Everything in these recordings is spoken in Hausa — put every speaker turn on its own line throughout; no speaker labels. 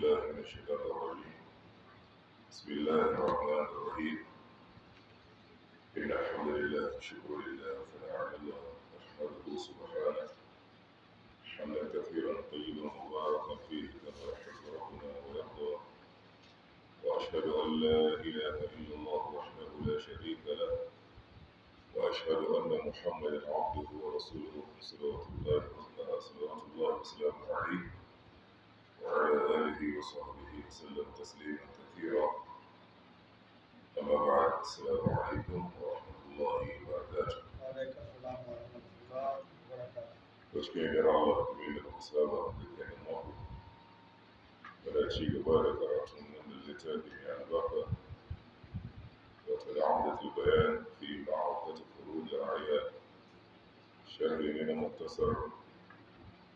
بالله من الشيطان الرجيم بسم الله الرحمن الرحيم إن الحمد لله والشكر لله وثناء على الله نحمده سبحانه حمدا كثيرا طيبا مباركا فيه كما يحب ربنا ويرضى وأشهد أن لا إله إلا الله وحده لا شريك له وأشهد أن محمدا عبده ورسوله صلوات الله وسلامه عليه وعلى آله وصحبه وسلم تسليما كثيرا أما بعد السلام عليكم ورحمة الله وبركاته وعليكم السلام ورحمة الله وبركاته وشكرا على الله وعلى الله وبركاته وعلى الله وتدعمت البيان في معركة خروج الأعياء شهر من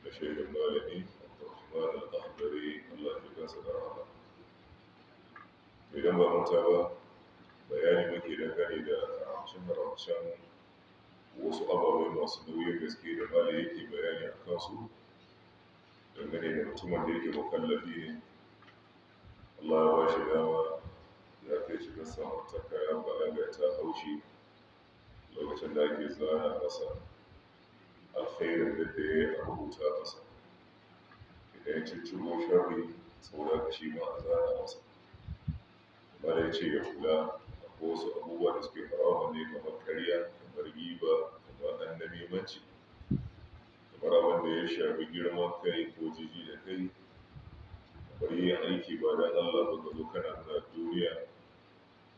لشيخ المالكي Ba malam ahdari Allah ya gasa da rahama idan ba manta ba bayani muke dangane da haramcin-haramcin wasu ababai masu nauyin gaske da malam yake bayani a kansu dangane da mutumin da yake mukallafi ne Allah ya ba shi dama ya kai shi ga samartaka ya balaga ta haushi lokacin da ake zana masa alkhairin da ya rubuta masa da ya ciccimo sharri saboda shi ma a zana masa ya ce ya kula ko wasu abubuwa da suke harawa ne kamar karya kamar giba kamar annabimanci kamar abin da ya shafi girman kai ko jiji da kai kamar yin aiki ba da allah ba ka zo kana nuna duniya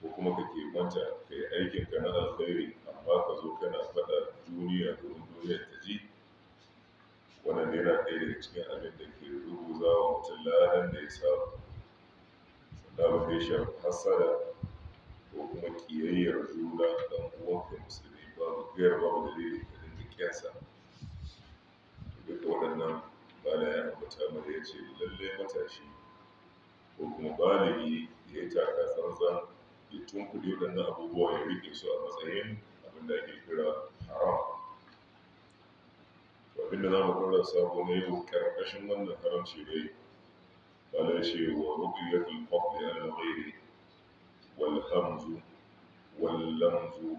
ko kuma ka ke manta ka yi aikinka na alkhairi amma ka zo kana faɗa duniya domin duniya ta ji wannan yana ɗaya daga cikin abin da ke rubuza wa mutum ladan da ya samu sannan abin da ya shafi hasada ko kuma ƙiyayyar juna ɗan uwanka musulmi babu gayar babu dalili ka dinga kyansa duka waɗannan bala ya ambata mana ya ce lallai matashi ko kuma baligi ya yi taka tsantsan ya tunkuɗe waɗannan abubuwa ya riƙe su a matsayin abin da ake kira haram abin da za mu ɗora sabo na yau karkashin wannan haramci ba da shi wa rubiyatul fadli ala ghairi wal hamzu wal lamzu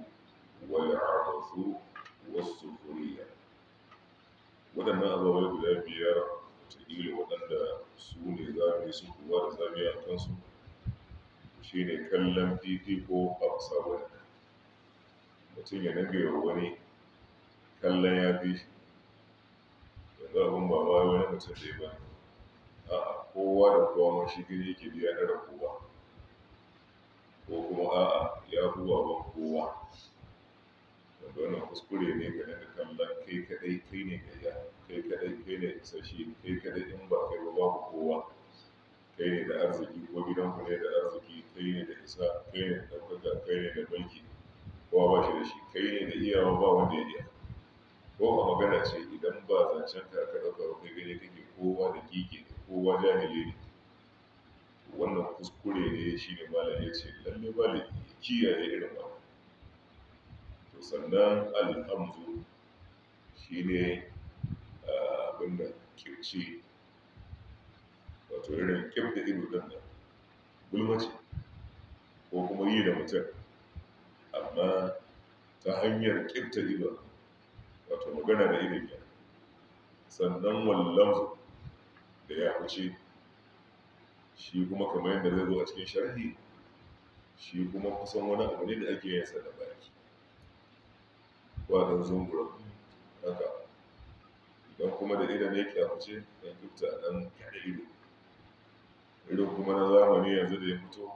wal abasu was sufuriya wadannan ababai guda biyar wataƙila waɗanda su ne za mu yi su kuwa da a kansu shi ne kallon titi ko kusa wani mutum ya nage wani kallon ya fi yanzu abin ba ma wani mutum da ya ba a'a kowa da kowa shi gari yake biya na kowa ko kuma a'a ya huwa ba kowa wanda wannan kuskure ne ga daga kallon kai kadai kai ne ga ya kai kadai kai ne shi, kai kadai in ba kai ba babu kowa kai ne da arziki ko ku ne da arziki kai ne da isa kai ne da ɗaukaka kai ne da banki, kowa ba shi da shi kai ne da iyawa ba wanda ya iya ko a magana ce idan ba zancen ka aka ɗauka ba kai gane kake kowa da kike kowa jahili ne wannan kuskure ne shi ne malam ya ce lalle ba da kiyaye irin ba to sannan alhamdu shi ne ah, abin da kirci wato irin kyau da ido ɗin nan gulmace ko kuma yi da mutum amma ta hanyar kyau da ido wato magana da ilimi sannan wallan da ya huce shi kuma kamar yadda zai zo a cikin sharhi shi kuma kusan wani abu ne da ake yin sa da baki wadan zungura haka idan kuma da idan ya kyafuce dan gifta dan kada ido irin kuma na zamani yanzu da ya fito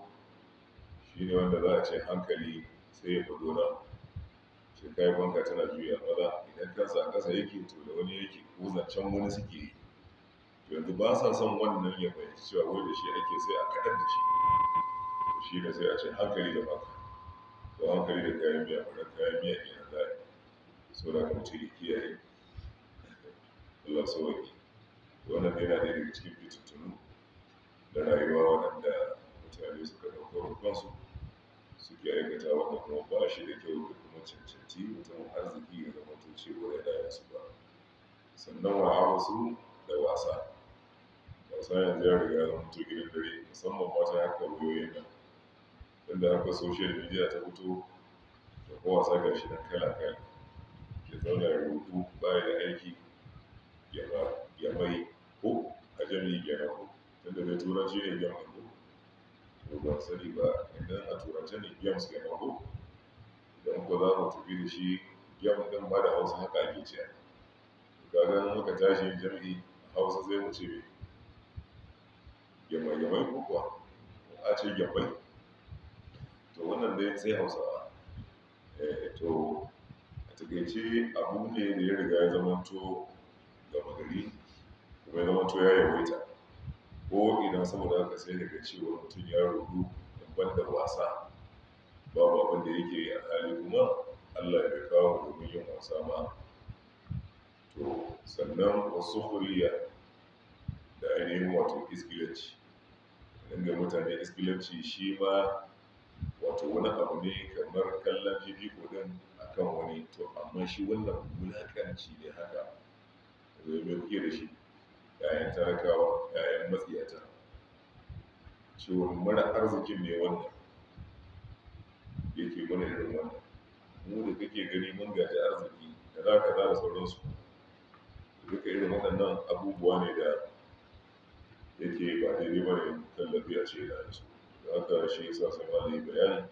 shine wanda za a ce hankali sai ya fito na shi kai banka tana juya maza idan kansa a ƙasa yake to da wani yake ko zancen wani suke yi yanzu ba sa son wannan ya fahimci cewa wai da shi ake sai a kaɗan da shi shi da sai a ce hankali da baka ko hankali da kayan miya ba kayan miya ne na zai so da ka mutu kiyaye Allah so wani wannan yana ɗaya daga cikin fitattunu da rayuwa waɗanda mutane suka ɗauko rukunsu suke aikata wanda kuma ba shi da kyau kuma cancanci mutum arziki ya zama to cewa ya daya su ba sannan wa su da wasa wasa yanzu ya riga zama to gidan dare musamman ya haka wayoyin nan inda haka social media ta fito da kuma wasa ga shi nan kala kai. ya zauna ya rubu bayan da aiki ya mai ko a jami'i ya rahu tunda da turanci ne ya Ko ba a sani ba idan a turanci ne ya rahu da in za mu tafi da shi yamma ɗin ba da hausa haka ake ce gagan muka tashi jami'i hausa zai mu ce yamma yamma ko kuwa a ce yamma to wannan dai sai hausawa eh, to a takaice abu ne da ya riga ya zama to gama gari kuma ya zama to ya yawaita ko idan saboda haka sai daga cewa mutum ya rubu ban da wasa babu abin da yake yi a hali kuma Allah ya kawo domin yin wasa ma to sannan wasu kuliya da ainihin wato iskilanci inda mutane iskilanci shi ma wato wani abu ne kamar kallon fifiko din akan wani to amma shi wannan wulakanci ne haka zai mai kuke da shi yayan tarakawa yayan matsiyata ciwon mara arzikin ne wannan yake mana da wannan mu da kake gani mun gaji arziki da za ka da sauransu duka irin waɗannan abubuwa ne da yake ba daidai ba ne tallafi a ce da su da haka shi yasa sai ma yi bayani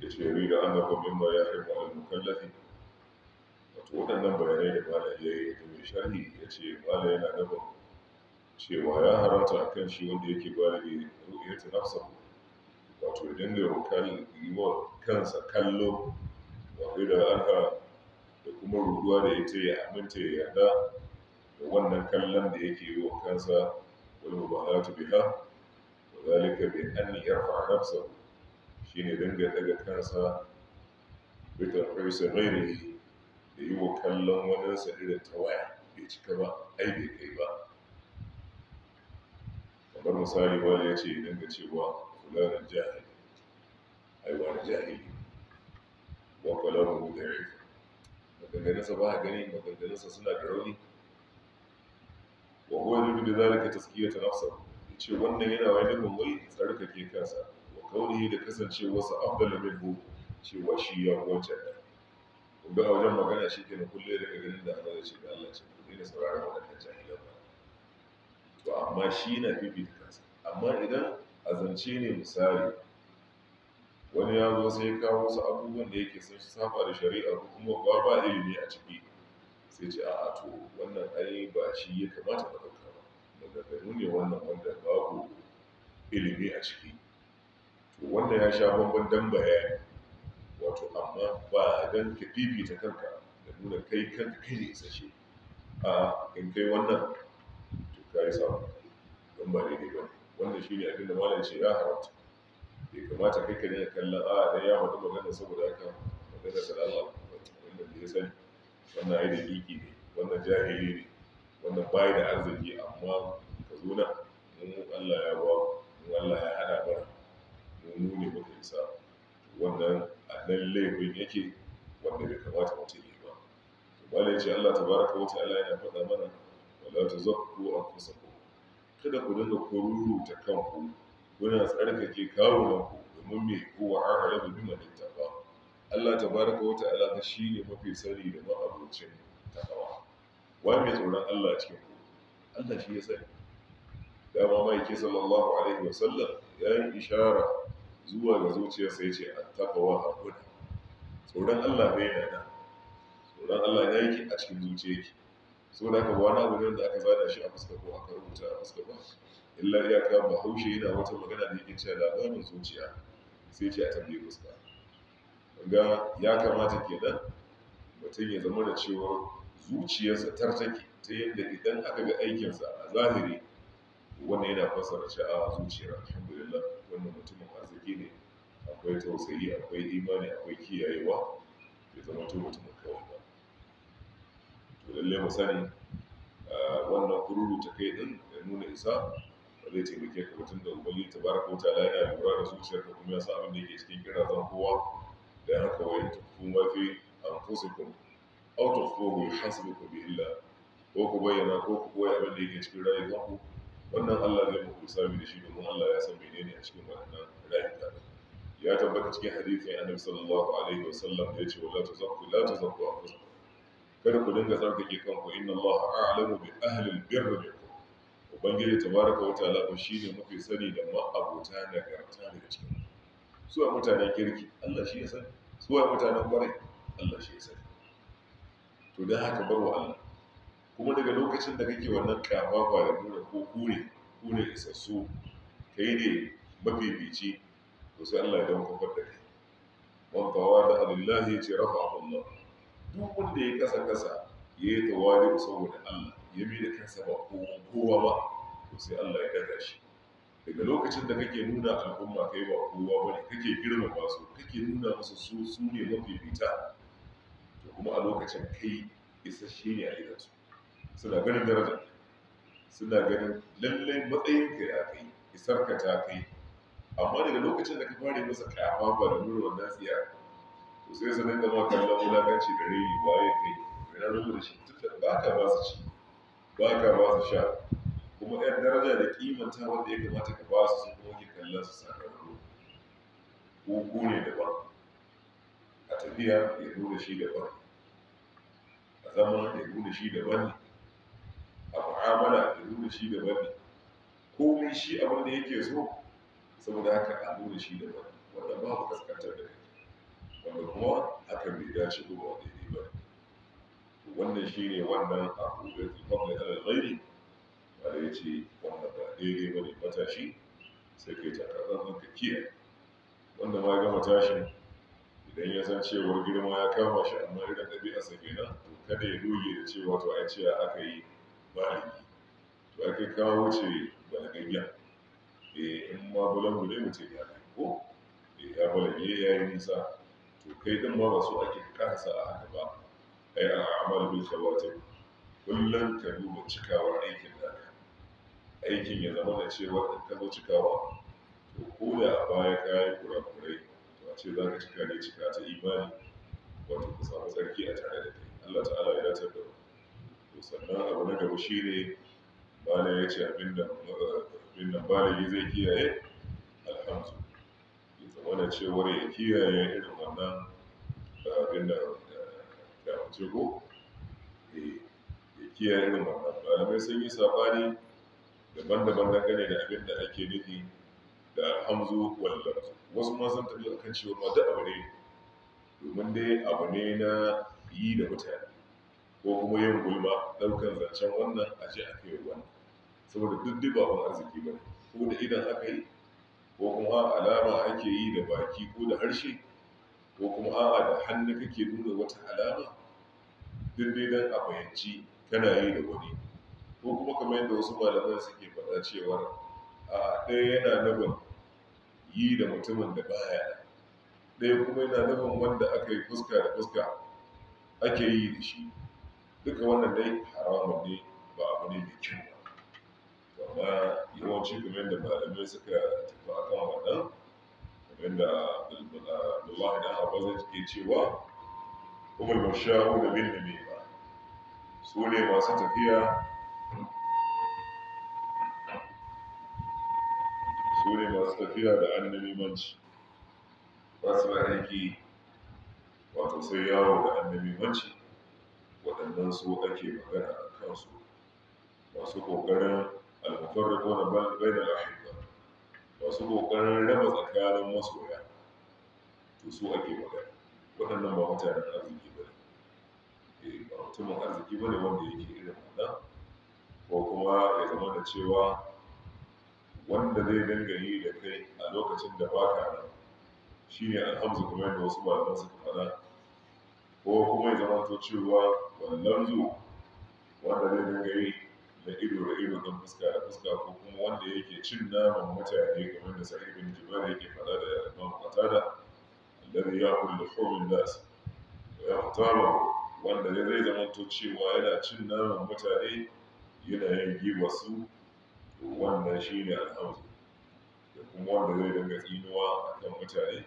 ya ce ri da min ya haifa al mukallafi wato waɗannan bayanai da malam ya yi da mai sharhi ya ce malam yana nufin cewa ya haramta akan shi wanda yake ba da ya ta wato dinga yi wa kansa kallo wato da alha da kuma ruduwa da ya ce ya aminta ya yarda da wannan kallon da yake yi wa kansa wani ba za ta biha wa zalika bi an yarfa nafsa shine dinga daga kansa bi tarfisa ghairihi da yi wa kallon wadansa irin tawaya bai cika ba ai bai kai ba kamar misali wani ya ce dinga cewa فلان الجاهل حيوان جاهلي وقلمه ضعيف maganganunsa ba a gani maganganunsa suna da rauni wa huwa yuridu bi zalika tazkiyata nafsahu yace wannan yana wani nufin wai tsarkake kansa wa kaunihi da kasancewarsa afdalu minhu cewa shi ya wancan da kun ga wajen magana shi na kulle daga ganin da Allah ya ce da Allah ce ku daina sauraron waɗannan jahilan ba to amma shi na fifita amma idan azance ne misali wani ya zo sai kawo wasu abubuwan da yake sun saba da shari'a ko kuma ba ba ilimi a ciki sai ce a'a to wannan ai ba shi ya kamata ba dauka ba maganganu ne wannan wanda babu ilimi a ciki to wannan ya sha bambam dan bayani wato amma ba dan ka fifita kanka da nuna kai kanka kai ne isa a in kai wannan to ka yi samu don ba daidai ba ne wanda shi ne abinda malam ce ya haramta bai kamata kai ne dinga kallon a dan ya faɗi magana saboda haka magana da Allah wanda da ya sani wannan ai da liki ne wannan jahili ne wannan bai da arziki amma ka zo na mun Allah ya ba mun Allah ya hada mana mun mu ne muka isa wannan a nan laifin yake wanda bai kamata mutum ya ba to malai ce Allah tabaraka wa ta'ala yana faɗa mana wala ta tuzakku anfusakum kada ku dinga kururuta kanku kuna tsarkake kawunanku domin mai kowa da halabu bi malittafa Allah tabaraka wa ta'ala alaƙa shi ne mafi sani da ma'abocin takawa wa mai tsoron Allah cikin ku Allah shi ya sani dama mai ke sallallahu alaihi wa sallam ya yi ishara zuwa ga zuciya sai ce an takawa tsoron Allah bai na tsoron Allah ya yake a cikin zuciyarki saboda haka wani abu ne da aka zada shi a fuska ko aka rubuta a fuska ba illa iyaka bahaushe yana wata magana da yake cewa labarin zuciya sai ce a tambayi fuska ga ya kamata ke kenan mutum ya zama da cewa zuciyarsa tartake ta yadda idan aka ga aikinsa a zahiri wannan yana fassara shi a zuciyar alhamdulillah wannan mutumin arziki ne akwai tausayi akwai imani akwai kiyayewa ya zama mutumin kawai ba lalle mu sani ah, wannan kururu ta kai din da nuna isa ba zai taimake ka mutum da ubangi ta baraka wata ala yana lura da zuciyar ka kuma ya sa abin da yake cikin kira zan kowa da ya haka wai tufkun mafi anfusikum aw ku bi illa ko ku bayyana ko ku koya abin da yake cikin ku wannan Allah zai muku sami da shi domin Allah ya san menene a cikin wannan rayuwa ya tabbata cikin hadisi annabi sallallahu alaihi wasallam ya ce wala tuzakku la tuzakku anfusakum kada ku dinga tsarkake kanku inna Allah a'lamu bi ahli albirr ubangiji tabaraka wa ta'ala ko shine mafi sani da da garta daga cikin su a mutanen kirki Allah shi ya sani su a mutanen kwarai Allah shi ya sani to dan haka bar wa Allah kuma daga lokacin da kake wannan ba da nuna ko kure kure isassu kai ne mafifici to sai Allah ya dawo kafar da kai wa da Allah ya ce Allah duk wanda ya kasa kasa ya yi tawari saboda Allah ya bi da kansa ba kowa ba to sai Allah ya daga shi daga lokacin da kake nuna al'umma kai ba kowa ba ne kake ba su kake nuna musu su su ne fita to kuma a lokacin kai isasshe ne a su suna ganin daraja suna ganin lallai matsayin ka ya kai isar ka ta kai amma daga lokacin da ka fara masa kafa ba da nuna wannan tsiya sai zama dinga ma kallon wulakanci da ba waye kai ina rubu da shi tunda ba ka ba su ci ba ka ba su sha kuma yan daraja da kimanta wanda ya kamata ka ba su kuma ke kallon su sakamako ko ne da ba? a tafiya ya nuna shi da ba. a zama ya nuna shi da ba ne a mu'amala ya nuna shi da ba ne komai shi abin da yake so saboda haka a nuna shi da ba wanda babu kaskantar da kai wanda kuma hakan bai dace ko ba daidai ba wannan shine wannan abu da ke kwamma ya tsara tsairi ba da ya ce wannan ba daidai ba ne matashi sai kai takazan ka kiyaye wanda ma ya gama tashin idan ya san cewar girma ya kama shi amma irin ɗabi'arsa kenan to kada ya doge da cewa to a ce aka yi baligi to aka kawo ce balagayya eh in ma bulan ne mutum ya kai ko eh ya balage ya yi nisa to kai dan ba su ake kasa a haka ba ai a amal bil khawatim kullum ka duba cikawa aikin naka aikin ya zama da cewa in ka zo cikawa to ko da a baya ka yi kurakurai to a ce za ka cika ne cika ta imani wato ka samu tsarki a tare da kai Allah ta'ala ya dace da to sannan abu na gaba shine bala ya ce abinda abinda bala zai kiyaye alhamdu ya zama da cewa ya kiyaye irin wannan eh, a eh, da damar jego eh, ya kiyaye irin wannan malamai sun yi sabani daban-daban dangane da abin da ake nufi da hamzu wallar wasu ma sun tafi akan cewa ma da abu ne domin dai abu ne na yi da mutane ko kuma yin gulma daukan zancen wannan a je a kai wannan saboda duk duk babu arziki ba ko da idan aka yi ko kuma alama ake yi da baki ko da harshe ko kuma a'a da hannu kake nuna wata alama duk dai don a fahimci kana yi da wani ko kuma kamar yadda wasu malaman suke faɗa cewa a ɗaya yana nufin yi da mutumin da baya ɗaya kuma yana nufin wanda aka yi fuska da fuska ake yi da shi duka wannan dai haramun ne ba abu ne mai kyau ba amma yawanci kamar yadda malamai suka tafi akan wannan بالله نهى بزج كي تشوا هم المشاهون من نبيبا سولي ما ستفيا سولي ما ستفيا لأن نبي منش بس ما هيكي وتصيا لأن نبي منش والناس أكي مغنى أكاسو وسوق غنى المفرقون بين الأحبة masu ƙoƙarin raba tsakanin masoya to su ake magana waɗannan ba mutanen arziki ba ne eh, ba mutumin arziki ba ne wanda yake irin wannan ko kuma ya zama da cewa wanda zai dangane da kai a lokacin da ba ka nan shi ne alhamsu kuma yadda wasu malaman suka faɗa ko kuma ya zama to cewa wannan zuwa wanda zai dangane zargin fuska da fuska ko kuma wanda yake cin naman mutane kamar da sa'id bin jubair yake faɗa da imam qatada alladhi ya'kul luhumin nas ya yahtamahu wanda zai to cewa yana cin naman mutane yana yin giwa su wannan shine alhamdu da kuma wanda zai dinga tsinuwa akan mutane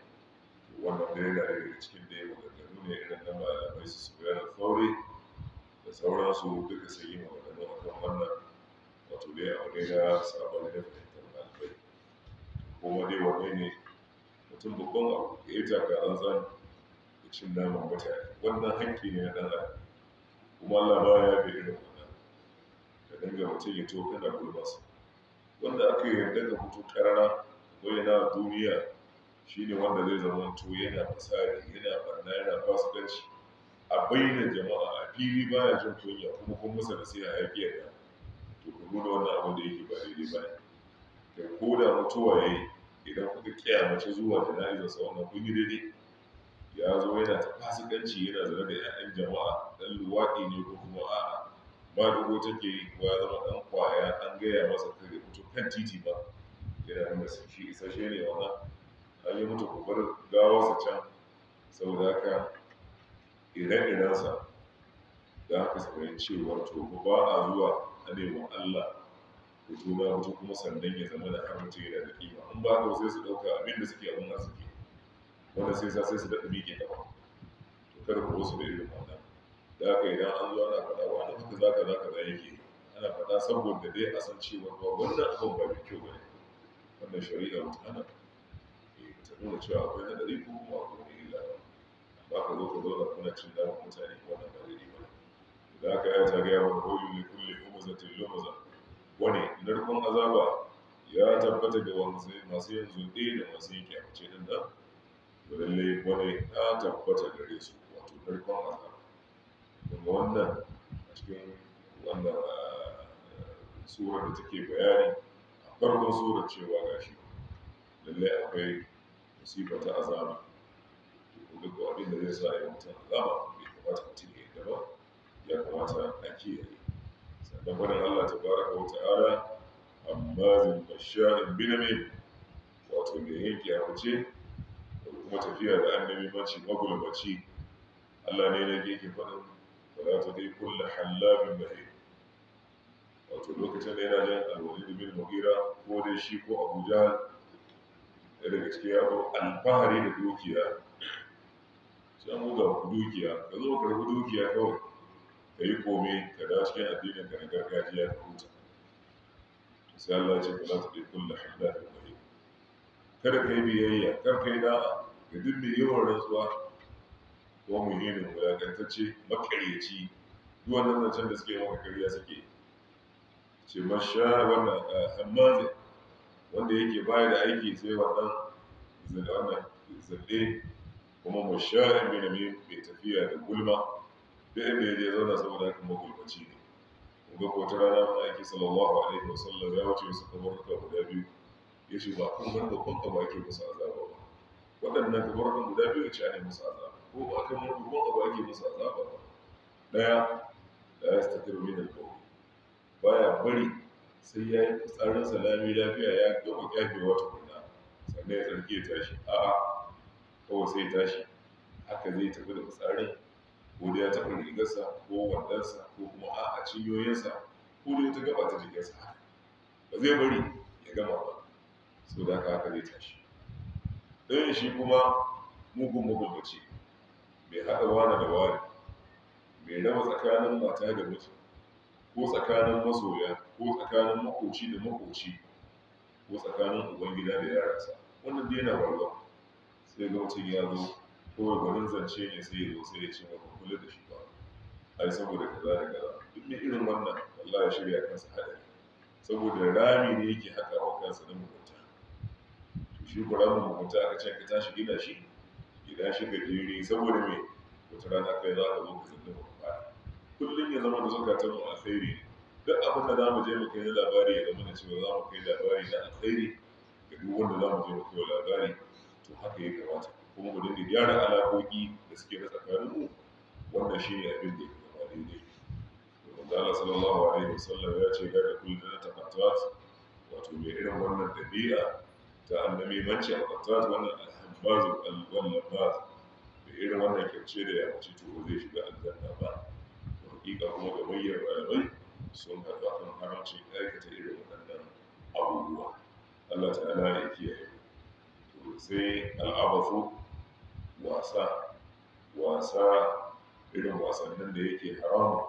wannan da yana daga cikin da ya maganganu ne irin na malamai su su bayan faure da sauransu duka sai yi maganganu akan wannan wato dai aure na sabon da fahimtar ɗalibai kuma dai wane ne mutum babban abu da ya taka an zan da cin naman mutane wannan hanki ne na ɗan kuma Allah ba ya bi irin wannan ka dinga mutum ya to kana gulmasa wanda aka yarda ka fito karara bayyana duniya shine wanda zai zama to yana fasari yana barna yana fasikanci a bayyana jama'a a fili baya jin kunya kuma kun da nasiha ya fi to ku nuna wannan abin da yake ba daidai ba ne da ko da mutuwa ya yi idan kuka kyamace zuwa jana'izarsa wannan kun yi daidai ya zo yana ta fasikanci yana zane da 'ya'yan jama'a ɗan luwaɗi ne ko kuma a'a ba dogo take yi ko ya zama ɗan kwaya an gaya masa kai mutu kan titi ba yana nuna shi isashe ne wannan an yi mutu bar gawarsa can saboda haka ire-irensa da haka su fahimci cewa to ba a zuwa tsare wa Allah da tuba wata kuma sannan ya zama da haramta yana da kima in ba ko sai su ɗauka abin da suke abin arziki wanda sai sa sai su daɗa miƙe gaba to kar ku wasu da irin wannan da haka idan an zo ana faɗa wa haka za ka za ka da yake ana faɗa saboda dai a san cewa ba wannan abin ba mai kyau ba ne wannan shari'a wata ana eh, ta nuna cewa akwai haɗari ko kuma akwai illa ba ka zo ka zo da kuna cin damar mutane wannan ba daidai ba ne da aka yi ta gaya wa kulle da kulle humuzatin lumuza wani narkon azaba ya tabbata ga masu yin zunɗe da masu yin kyamace din nan da lallai wani ya tabbata da su wato narkon azaba daga wannan a cikin wannan ah, surar da take bayani a farkon surar cewa gashi lalle akwai musibar ta azaba duk abin da zai sa ya mutum azaba bai kamata mutum ya yi gaba ya kamata a kiyaye sannan wannan Allah ta tabaraka wa ta'ala amma zin basharin binami wato mai yin kiyamace da kuma tafiya da annabi mace magulmaci Allah ne na yake faɗin wala ta dai kulla hallabin mahin wato lokacin da yana jan alwalid bin mughira ko dai shi ko abu jahal da daga cikin yaro alfahari da dukiya sai mu ga dukiya ka zo ka rubu dukiya kawai ka yi kome ka dawo cikin addinin ka na gargajiya da huta sai Allah ya ce ka za ta ɗai kulla halla da kwaye kada ka yi biyayya kar ka yi da'a ga duk mai yawan rantsuwa ko muhimmin wulakantacce makaryaci duk wannan zancen da suke maka karya suke ce masha wannan hammazi wanda yake baya da aiki sai wannan zalle eh, kuma masha ibn mai tafiya da gulma duk inda ya je zauna saboda haka magulmaci ne kuma ko ta rana ma yake sallallahu alaihi wa sallam ya wuce wasu kabarka guda biyu ya ce ba kun bar babban ka ba ake musu azaba ba waɗannan kamar kabarkan guda biyu ya ce ana musu azaba ko ba kan wani babban ba ake musu azaba ba ɗaya da ya stakar min alƙawari baya bari sai ya yi tsarin salami lafiya ya gama kyafewa kunna. sannan ya tsarki ya tashi a'a kawai sai ya tashi haka zai tafi da tsarin ko da ya taɓa rigarsa ko wandansa ko kuma a a cinyoyinsa ko da wata gaba ta jikinsa ba zai bari ya gama ba sau da aka haka zai tashi ɗan shi kuma mugun magulmaci mai haɗa wani da wani mai raba tsakanin mata da miji ko tsakanin masoya ko tsakanin makoci da makoci ko tsakanin ubangida da yaransa wannan dai yana faruwa sai ga mutum ya zo Kuma gwanin zance ne sai ya zo sai ya ce maka kula da shi ba ai saboda kaza da kaza duk ne, irin wannan Allah ya shirya kansa hadari saboda rami ne yake haka wa kansa na mugunta to shi ku ramin mugunta aka ce ka tashi gina shi gida shi jiri saboda me wata rana kai za ka zo ka zanna ba ba kullum ya zama da tamu mu alkhairi duk abin da za mu je mu kai na labari ya zama na cewa za mu kai labari na alkhairi ga duk wanda za mu je mu kai labari to haka ya kamata kuma mu dinga gyara alaƙoƙi da suke na tsakaninmu wannan shi ne abin da ya fi gaba daidai domin da Allah sallallahu alaihi wasallam ya ce ga da kullum na tabattuwat wato mai irin wannan ɗabi'a ta annabi manci a tabattuwat wannan alhabbazin wannan ba da irin wannan kyauce da ya mace to zai shiga aljanna ba hakika kuma ga bayyar malamai sun haɗu akan haramcin aikata irin waɗannan abubuwa Allah ta'ala ya kiyaye to sai al'abafu wasa wasa irin wasannin da yake haramu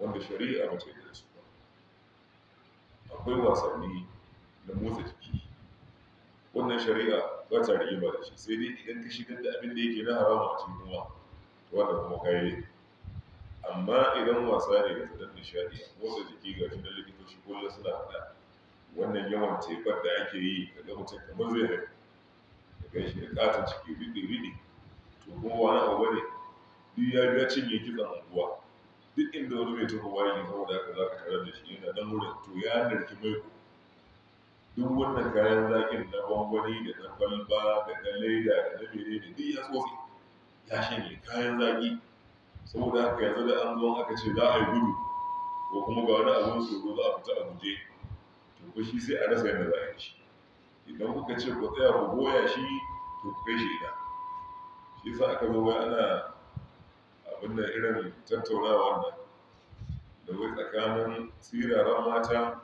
wanda shari'a ba ce da su ba akwai wasanni na motsa jiki wannan shari'a ba ta da ba da shi sai dai idan ka shigar da abin da yake na haramu a cikin ruwa to kuma kai amma idan wasa ne da zanen nishaɗi a motsa jiki ga shi na likitoci kullum suna haɗa wannan yawan tefar da ake yi ga mutum kamar zai haifu da gaishe da katon ciki riɗi-riɗi to kuma wani ne duk ya biya cinye kitson unguwa duk inda wani mai tuka wayi saboda haka za ka tarar da shi yana nan wurin to ya narki mai ku duk wannan kayan zakin na gwangwani da na kwalba da na leda da na mene da duk ya tsofi ya shanye kayan zaki saboda haka yanzu da an zo aka ce za a yi gudu ko kuma ga wani abin tsoro za a fita a guje to ko shi sai a rasa yadda za a yi shi idan kuka ce ku tsaya ku goya shi to ku kai shi idan shi sa aka zo wai ana abin da irin tattaunawa nan da wai tsakanin tsiraran mata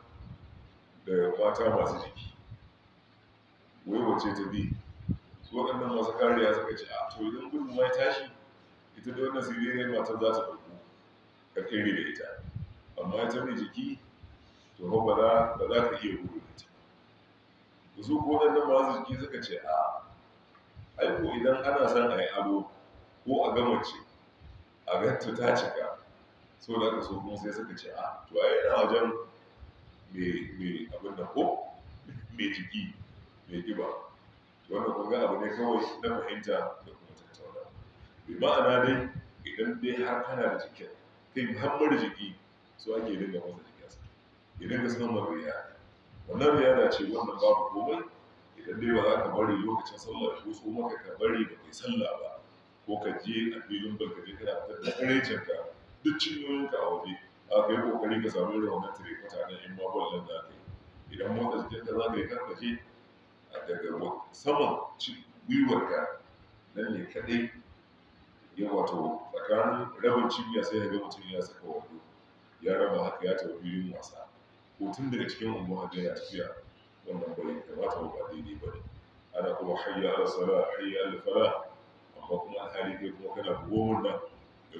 da mata masu jiki wai wace ta bi su waɗannan masu kariya suka ce a to idan gudun mai tashi ita da wannan siririyar matar za ta ɗauko ka kere da ita amma ita mai jiki to ba za ka iya gudun ita su ko waɗannan masu jiki suka ce a aiko idan ana son a yi ado ko a gama ce a ga ta cika so da ka so kuma sai suka ce a ah, to a yana wajen mai abin da ko mai jiki mai giba wanda kun ga abu ne kawai na fahimta da kuma tattauna Mai ma'ana dai idan dai har kana da jikin kai hammar jiki so ake dinga masa jikinsa idan ka sanar riya wannan riya na ce wannan babu komai dai ba za ka bari lokacin sallar ko so maka ka bari ba kai sallah ba ko ka je a filin ba ka je kana fitar da ka duk ka a waje a ka yi kokari ka samu irin wannan tare mutanen in ma ballon za ka yi idan motsa jikinka za ka yi kan je a daga saman ka nan ne kaɗai ya wato tsakanin rabin cibiya sai ya ga mutum ya saka wando ya raba haka ya tafi filin wasa ko tun daga cikin unguwa ya tafiya wannan bai kamata ba daidai ba ne ana kuma hayya ala sala hayya ala fala amma kuma alhali kai kuma kana bugon nan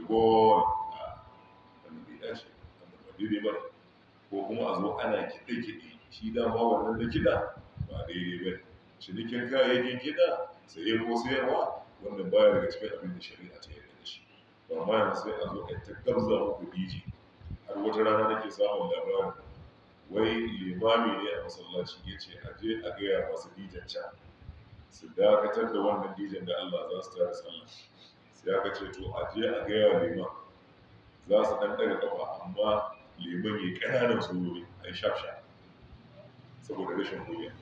da a wannan bai dace wannan ba daidai ba ne ko kuma a zo ana kiɗe-kiɗe shi ma wannan da kiɗa ba daidai ba ne cinikin kayayyakin kiɗa saye ko sayarwa wannan baya daga cikin abin da shari'a ta yarda da shi ba ma yanzu sai a zo a ta gabza muku diji
har wata rana nake
samun labarin wai limami ne a masallaci ya ce a je a gaya masu dijan can su dakatar da wannan dijan da Allah za su tara sallah sai aka ce to a je a gaya wa liman za su dan daga ƙafa amma liman ya su ne a shafsha saboda rashin kunya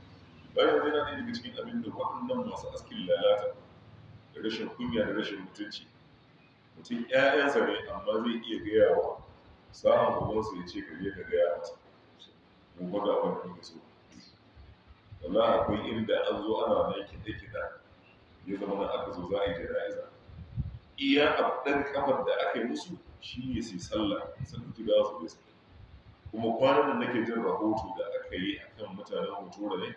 bayan zai na daga cikin abin da waɗannan masu askin lalata da rashin kunya da rashin mutunci mutum 'ya'yansa ne amma zai iya gaya wa samun ubansa ya ce ka je ka gaya masa Kuma gwada abin da so wala akwai inda an zo ana wannan kiɗe-kiɗa ya zama na aka zo za a yi jana'iza iya ɗan kafar da aka yi musu shi ne sai sallah sun fi su bai sallah kuma kwanan da nake jin rahoto da aka yi akan mutanen hoto da ne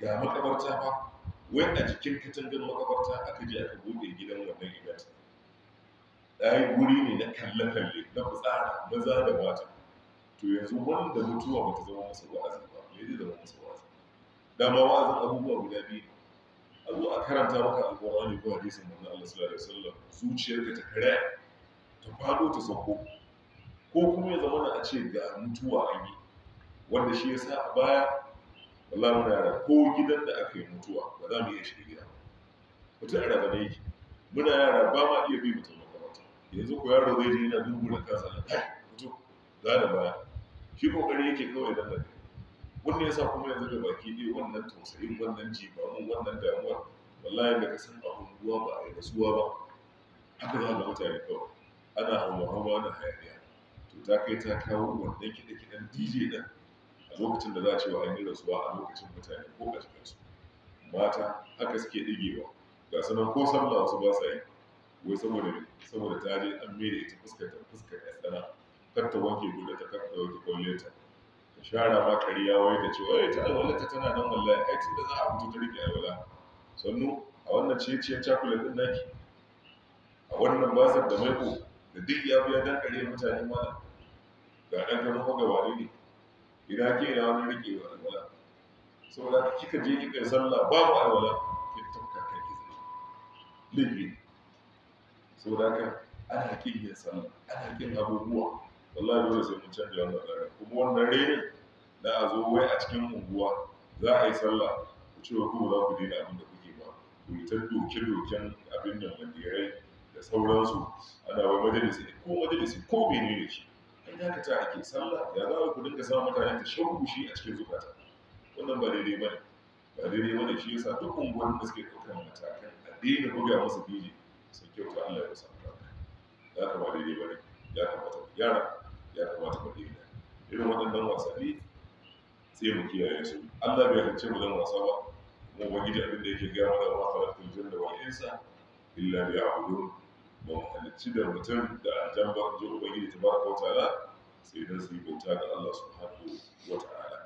ga makabarta ba wai a jikin katangar makabarta aka je aka buɗe gidan wannan ibat ɗaya guri ne na kalle-kalle na fitsara maza da mata to yanzu wanda mutuwa ba ta zama masa wa'azi ba me zai zama masa wa'azi dama wa'azi abubuwa guda biyu a zo a karanta maka alƙur'ani ko hadisin manzon Allah sallallahu alaihi wasallam zuciyarka ta kare ta fado ta sauko ko kuma ya zama a ce ga mutuwa an yi wanda shi ya sa a baya wallahi muna yara ko gidan da aka yi mutuwa ba za mu iya shiga gida mutum a rabe yake muna yara ba ma iya bi mutum makaranta yanzu ko yaro zai je yana dubu da kansa na mutum za da baya shi kokari yake kawai da ya sa kuma yanzu da baki ne wannan tausayin wannan mun wannan damuwa wallahi da ka san abun ruwa ba a yi rasuwa ba haka za ga mutane kawai ana hawa-hawa na hayaniya to ta kai ta kawo wannan kiɗe-kiɗen dj ɗin a lokacin da za a ce wa an rasuwa a lokacin mutane ko a su mata haka suke ɗigewa ga nan ko sallah wasu ba sa yi wai saboda ta je an mere ita fuskar ta fuskar ya tsana kar ta wanke guda ta kar ta wanke kwalle ta ta share ma kariya wai ta ce wai ta alwala ta tana nan wallahi ai tunda za a mutu ta rike alwala sannu a wannan ciye-ciyen din naki a wannan basar da maiko da duk ya biya dan kare mutane mana ga dan kanu ko ga wani ne ina ke na wani rike wa alwala saboda kika je kika sallah babu alwala ki tafka kai ki zai lili saboda ana kin yin sallah ana kin abubuwa wallahi dole sai mun canja wannan tsarin kuma wannan reni da a zo wai a cikin unguwa za a yi sallah ku ce ku ba za ku daina abin da kuke ba ku yi ta doke-doken abin da mandirai da sauransu ana wai majalisi ko majalisi ko bene ne shi in haka ta ake sallah ya za ku dinga sa mutane ta shi a cikin zukata wannan ba daidai ba ne ba daidai ba ne shi yasa duk unguwar da suke ɗaukar matakan a daina buga musu biji sun kyauta Allah ya musamman haka ba daidai ba ne ya kamata yara ya kamata mu daina irin waɗannan wasanni sai mu kiyaye su Allah bai kace mu dan wasa ba mu ubangiji abin da yake gaya mana wa khalaqtul jinna wal insa illa liya'budun ba mu halicci da mutum da aljan ba ji ubangiji tabaraka wa ta'ala sai dan su yi bauta ga Allah subhanahu wa ta'ala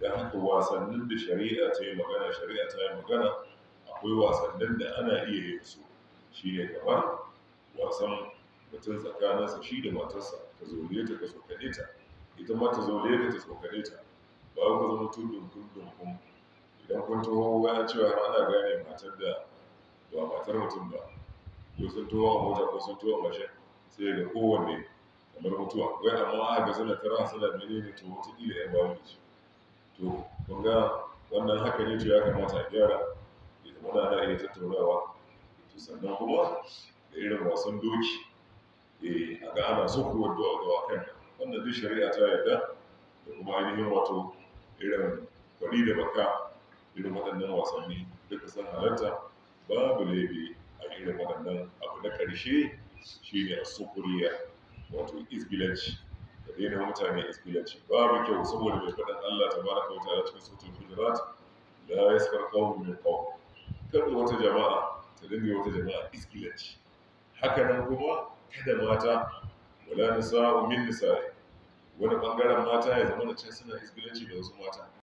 dan haka wasannin da shari'a ta yi magana shari'a ta yi magana akwai wasannin da ana iya yin su ne kamar wasan mutum tsakaninsa shi da matarsa ka ta ka tsokane ta ita ma ta zole ta tsokane ta ba ku zama tudun kun idan kun taho ga cewa ana gane matar da ba matar mutum ba ko sun taho a mota ko sun taho a mashin sai ga kowanne kamar mutuwa wai amma a ga suna tara suna ne to wata ƙila ya ba ce to kun ga wannan haka ne to ya kamata a gyara ya zama na iya tattaunawa to sannan kuma da irin wasan doki Eh, a ga ana so a zuwa kan wanda duk shari'a ta yarda da kuma ainihin wato irin kwari da baka irin waɗannan wasanni duka san halarta babu laifi a irin waɗannan abu na ƙarshe shi ne a sukuriya wato isbilanci da daina mutane isbilanci babu kyau saboda mai faɗin allah ta ba baraka wata ala cikin sautin hujurat da ya sukar kawo min kawo kan wata jama'a ta dinga wata jama'a isbilanci haka nan kuma kada mata
wala nisa'u min nisa'i wani bangaren mata ya zama da can suna isgilanci da
wasu mata